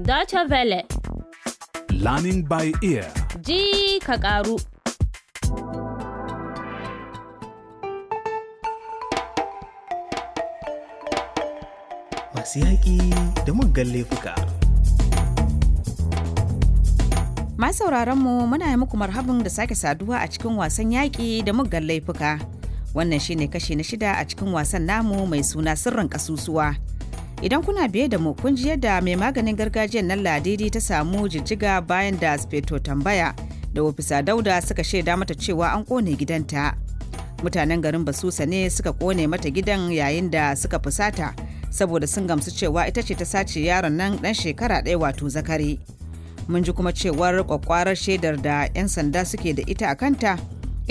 Deutsche Welle. Learning by ear. Ji ka karu. Masu yaƙi da muggan laifuka. mu muna yi muku marhabin da sake saduwa a cikin wasan yaƙi da muggan laifuka. Wannan shine kashi na shida a cikin wasan namu mai suna sirrin ƙasusuwa. idan kuna biye da mu kun ji yadda mai maganin gargajiyar nan ladidi ta samu jijjiga bayan da speto tambaya da ofisa dauda suka shaida mata cewa an kone gidanta mutanen garin basusa ne suka kone mata gidan yayin da suka fusata saboda sun gamsu cewa ita ce ta sace yaron nan dan shekara ɗaya wato zakari mun ji kuma cewar kwakwarar shaidar da 'yan sanda suke da ita a kanta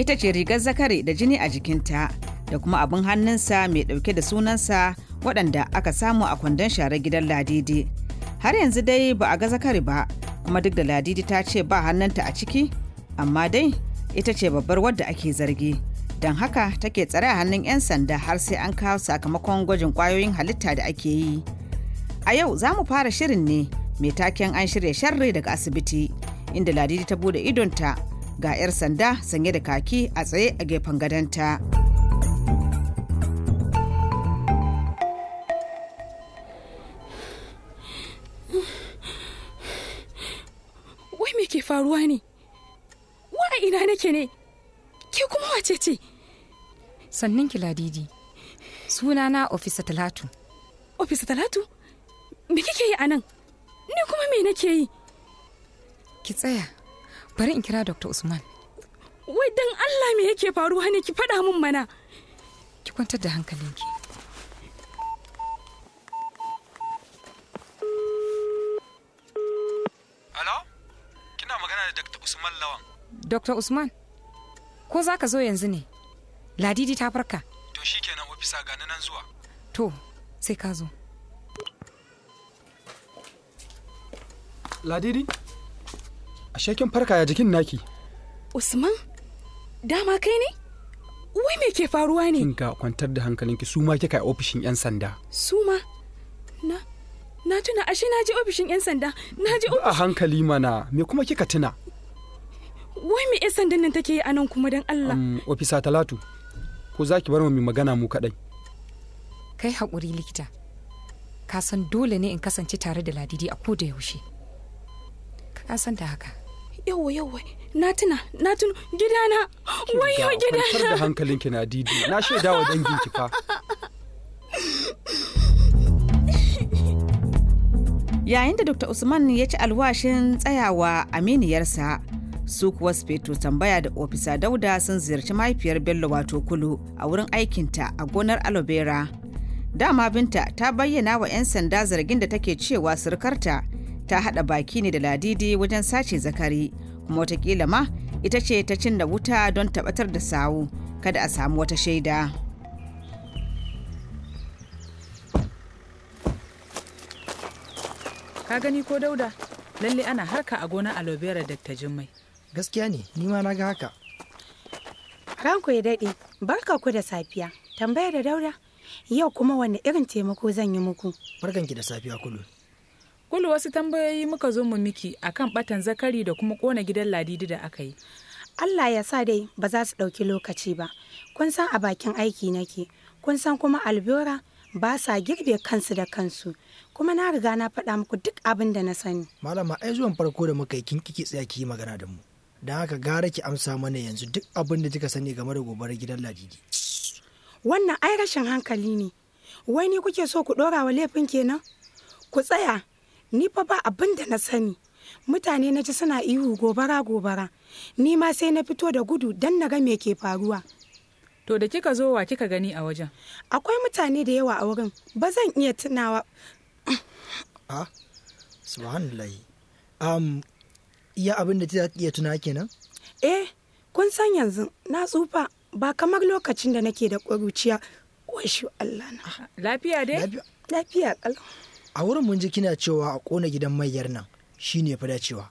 ita ce rigar zakari da jini a jikinta da kuma abin hannunsa mai ɗauke da sunansa waɗanda aka samu a kwandon share gidan ladidi har yanzu dai ba a ga zakari ba kuma duk da ladidi ta ce ba hannunta a ciki amma dai ita ce babbar wadda ake zargi don haka take tsare a hannun 'yan sanda har sai an kawo sakamakon gwajin kwayoyin halitta da ake yi a yau za mu fara shirin ne mai taken an shirya sharri daga asibiti inda ladidi ta bude idonta ga 'yar sanda sanye da kaki a tsaye a gefen gadon ta Ke faruwa ne wa ina nake ne ke kuma wace ce sannan ki ladidi suna na ofisa talatu ofisa talatu me kike yi a nan ni kuma me nake yi ki tsaya bari in kira dr usman wai dan allah me yake faruwa ne ki faɗa min mana ki kwantar da hankalinki da Dr. Usman Lawan. Dr. Usman, ko za ka zo yanzu ne? Ladidi ta farka. To shi kenan ofisa gani nan zuwa. To, sai ka zo. Ladidi, ashe kin farka ya jikin naki. Usman, dama kai ne? Wai mai ke faruwa ne? Kin kwantar da hankalinki su ma kika yi ofishin 'yan sanda. suma Na, na tuna ashe na je ofishin 'yan sanda na je a hankali mana me kuma kika tuna wai me 'yan sandan nan take yi a nan kuma dan allah ofisa talatu ko za ki bar mu magana mu kaɗai kai hakuri likita ka san dole ne in kasance tare da ladidi a ko da yaushe ka san da haka yawa yawa na tuna na tuna gidana wayo gidana da hankalinki na didi na shaidawa danginki fa yayin da dr usman ya ci alwashin tsayawa aminiyarsa su kuwa speto tambaya da ofisa dauda sun ziyarci mahaifiyar bello wato kulu a wurin aikinta a gonar alobera dama binta ta bayyana wa 'yan sanda zargin da take cewa surkarta ta haɗa baki ne da ladidi wajen sace zakari kuma watakila ma ita ce ta cin da wuta don tabbatar da sawu kada a samu wata shaida. ka gani ko dauda lalle ana harka a gona alobera da dr jimmai gaskiya ne ni ma na ga haka ranku ya daɗe barka ku da safiya tambaya da dauda yau kuma wanne irin taimako zan yi muku barkan ki da safiya kulu kulu wasu tambayoyi muka zo mu miki akan batan zakari da kuma kona gidan ladidi da aka yi Allah ya sa dai ba za su ɗauki lokaci ba kun san a bakin aiki nake kun san kuma albora ba sa girbe kansu da kansu kuma na riga na faɗa muku duk abin da na sani malama ai zuwan farko da muka yi kin kike tsaya ki magana da mu don haka gara ki amsa mana yanzu duk abin da kika sani game da gobarar gidan ladidi wannan ai rashin hankali ne wai ni kuke so ku ɗora wa laifin kenan ku tsaya ni fa ba abin da na sani mutane na ji suna ihu gobara gobara ni ma sai na fito da gudu dan na ga me ke faruwa To da kika zo wa kika gani a wajen? Akwai mutane da yawa a wurin, ba zan iya tunawa. a ah, subhanallah. Um, iya abin da ta iya tuna kenan? Eh, kun san yanzu na tsufa ba kamar lokacin da nake da ƙuruciya. Washi Allah na. Lafiya dai? Lafiya ƙalau. A wurin mun ji kina cewa a ƙona gidan mayar nan shine fa dacewa.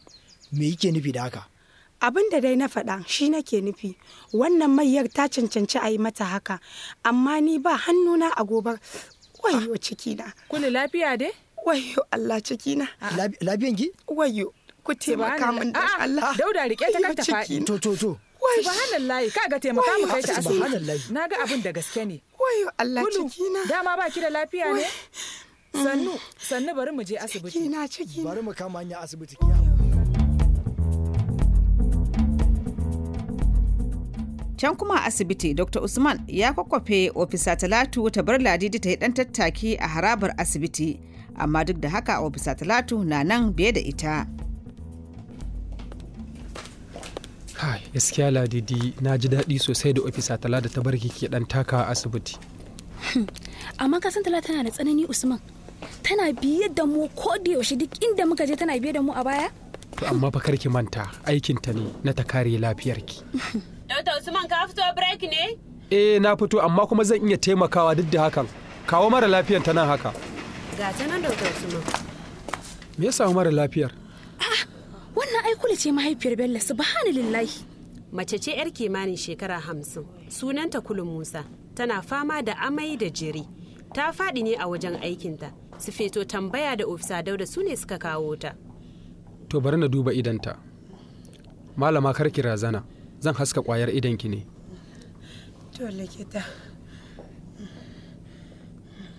Me yake nufi da haka? abin da dai na faɗa shi nake nufi wannan mayyar ta cancanci a yi mata haka amma ni ba hannuna a gobar wayo cikina kuli lafiya dai wayo allah cikina lafiyan ki wayo ku taimaka min da allah dauda rike ta kanta faɗi to to to subhanallahi kaga taimaka mu kai ta asibiti naga abin da gaske ne wayo allah cikina dama ba ki da lafiya ne sannu mm. sannu bari mu je asibiti cikina cikina bari mu kama hanya asibiti kiyama Can kuma a asibiti Dr. Usman ya kwakwafe ofisa Talatu ta bar Ladidi ta yi ɗan tattaki a harabar asibiti, amma duk da haka ofisa Talatu na nan biye da ita. gaskiya Ladidi na ji daɗi sosai da ofisa Talatu ta bar kike ɗan taka a asibiti. Amma ka san Talatu tana da tsanani Usman. Tana biye da mu ko da yaushe duk inda muka je tana biye da mu a baya? To amma fa karki manta aikinta ne na ta kare lafiyarki. Dauta Usman ka fito break ne? Eh na fito amma kuma zan iya taimakawa duk da hakan. Kawo mara lafiyar ta nan haka. Ga ta nan Dauta Usman. Me ya mara lafiyar? Ah, wannan ai kula ce mahaifiyar Bello subhanallahi. Mace ce yar kimanin shekara hamsin. Sunanta Kulun Musa. Tana fama da amai da jiri. Ta faɗi ne a wajen aikinta. Su feto tambaya da ofisa Dauda su ne suka kawo ta. To bari na duba idanta. Malama kar ki razana. zan haska kwayar idanki ne to likita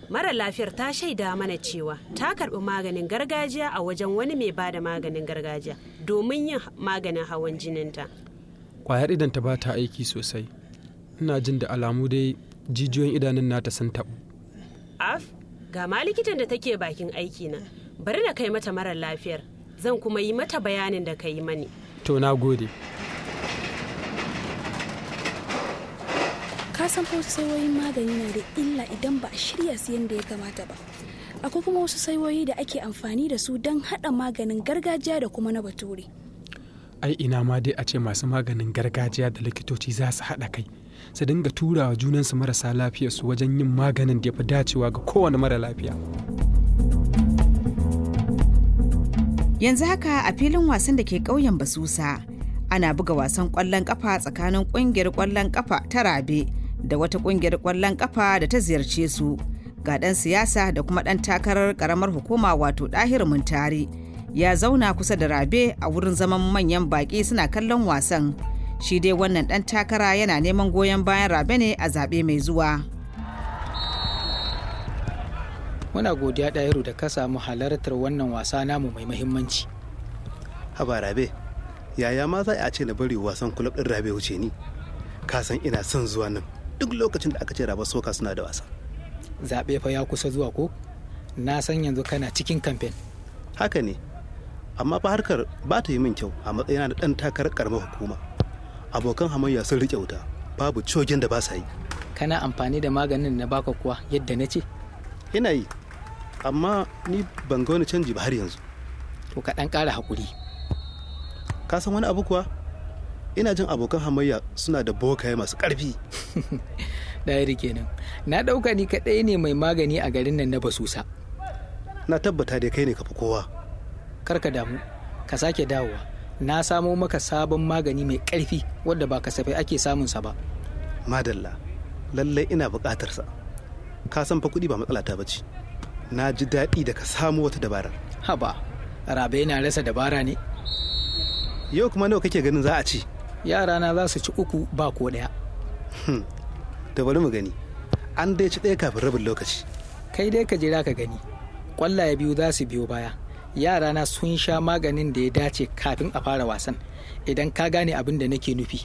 mara lafiyar ta shaida mana cewa ta karbi maganin gargajiya a wajen wani mai ba da maganin gargajiya domin yin maganin hawan jininta kwayar idan ta ba ta aiki sosai ina jin da alamu dai jijiyoyin idanun nata sun taɓu af ga ma likitan da take bakin aiki na bari na kai mata mara lafiyar zan kuma yi mata bayanin da ka yi mani to na gode ka san wasu saiwoyin magani na da illa idan ba a shirya su yadda ya kamata ba akwai kuma wasu saiwoyi da ake amfani da su don haɗa maganin gargajiya da kuma na bature ai ina ma dai a ce masu maganin gargajiya da likitoci za su haɗa kai su dinga turawa junansu marasa lafiyarsu wajen yin maganin da ya fi dacewa ga kowane mara lafiya yanzu haka a filin wasan da ke ƙauyen basusa ana buga wasan ƙwallon ƙafa tsakanin ƙungiyar kwallon ƙafa ta rabe da wata kungiyar kwallon kafa da ta ziyarce su ga dan siyasa da kuma dan takarar karamar hukuma wato dahir muntari ya zauna kusa da rabe a wurin zaman manyan baki suna kallon wasan shi dai wannan dan takara yana neman goyon bayan rabe ne a zabe mai zuwa muna godiya dahiru da ka samu halartar wannan wasa namu mai mahimmanci haba rabe yaya ma za a ce na bari wasan kulab ɗin rabe wuce ni ka san ina son zuwa nan duk lokacin da aka ce raba soka suna da wasa zaɓe fa ya kusa zuwa ko na san yanzu kana cikin kamfen haka ne amma fa harkar ba ta yi min kyau a matsayina da ɗan takar ƙaramar hukuma abokan hamayya sun riƙe wuta babu cogen da ba sa yi kana amfani da maganin na baka kuwa yadda na ce ina yi amma ni ban ga wani canji ba har yanzu to ka ɗan ƙara haƙuri ka san wani abu kuwa ina jin abokan hamayya suna da bokaye masu karfi dairi kenan na ɗauka ni kaɗai ne mai magani a garin nan na basusa na tabbata dai kai ne ka fi kowa karka damu ka sake dawowa na samo maka sabon magani mai karfi wadda ba kasafai ake samunsa ba madalla lallai ina buƙatarsa ka san fa kuɗi ba matsala ta bace na ji daɗi da ka samu wata dabarar haba rabe na rasa dabara ne yau kuma nawa kake ganin za a ci yarana za su ci uku ba ko ɗaya. da hmm. bari mu gani an dai ci ɗaya kafin rabin lokaci kai dai ka jira ka gani ƙwallaye biyu za su biyo baya yarana sun sha maganin da ya dace kafin a fara wasan idan ka gane abin da nake nufi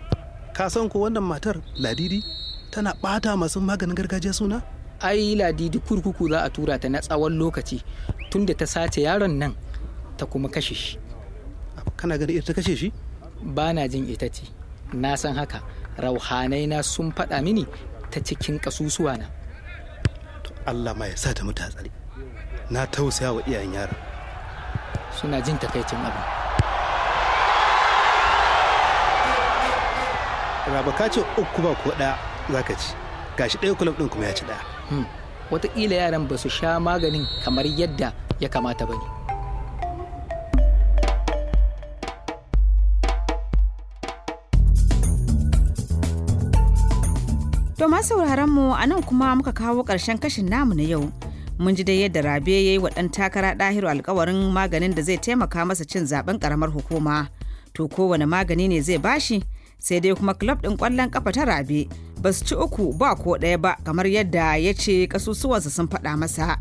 ka san ko wannan matar ladidi tana ɓata masu maganin gargajiya suna ai ladidi kurkuku za a tura ta na tsawon lokaci tunda ta sace yaron nan ta kuma kashe shi kana ganin ita ta kashe shi ba na jin ita ce na san haka rauhanai na sun faɗa mini ta cikin ƙasusuwa na Allah ma ya sa ta mutu hatsari na tausaya wa iyayen yaran suna jin takaicin abu. raba ka ce uku ba ko ɗaya za ka ci gashi ɗaya kulab ɗin kuma ya ci ɗaya hmm. wataƙila yaran ba su sha maganin kamar yadda ya kamata ba ne To masu sauraron mu a nan kuma muka kawo ƙarshen kashin namu na yau. Mun ji dai yadda Rabe ya yi wa ɗan takara ɗahiru alkawarin maganin da zai taimaka masa cin zaben ƙaramar hukuma. To kowane magani ne zai bashi sai dai kuma club ɗin ƙwallon ƙafa ta Rabe ba su ci uku ba ko ɗaya ba kamar yadda ya ce ƙasusuwansa sun faɗa masa.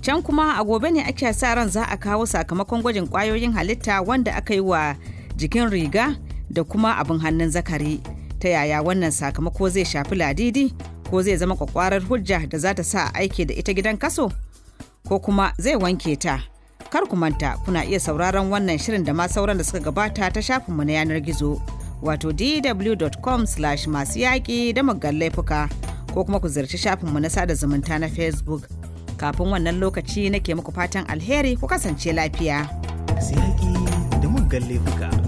Can kuma a gobe ne ake sa ran za a kawo sakamakon gwajin ƙwayoyin halitta wanda aka yi wa jikin riga da kuma abin hannun zakari. ta yaya wannan sakamako zai shafi ladidi ko zai zama kwakwarar hujja da za ta sa aiki da ita gidan kaso ko kuma zai wanke ta kar ku manta kuna iya sauraron wannan shirin da ma sauran da suka gabata ta shafinmu na yanar gizo wato dw.com slash masu yaƙi da muggan laifuka ko kuma ku ziyarci shafinmu na sada zumunta na facebook kafin wannan lokaci nake muku fatan alheri ku kasance lafiya. Masu da muggan laifuka.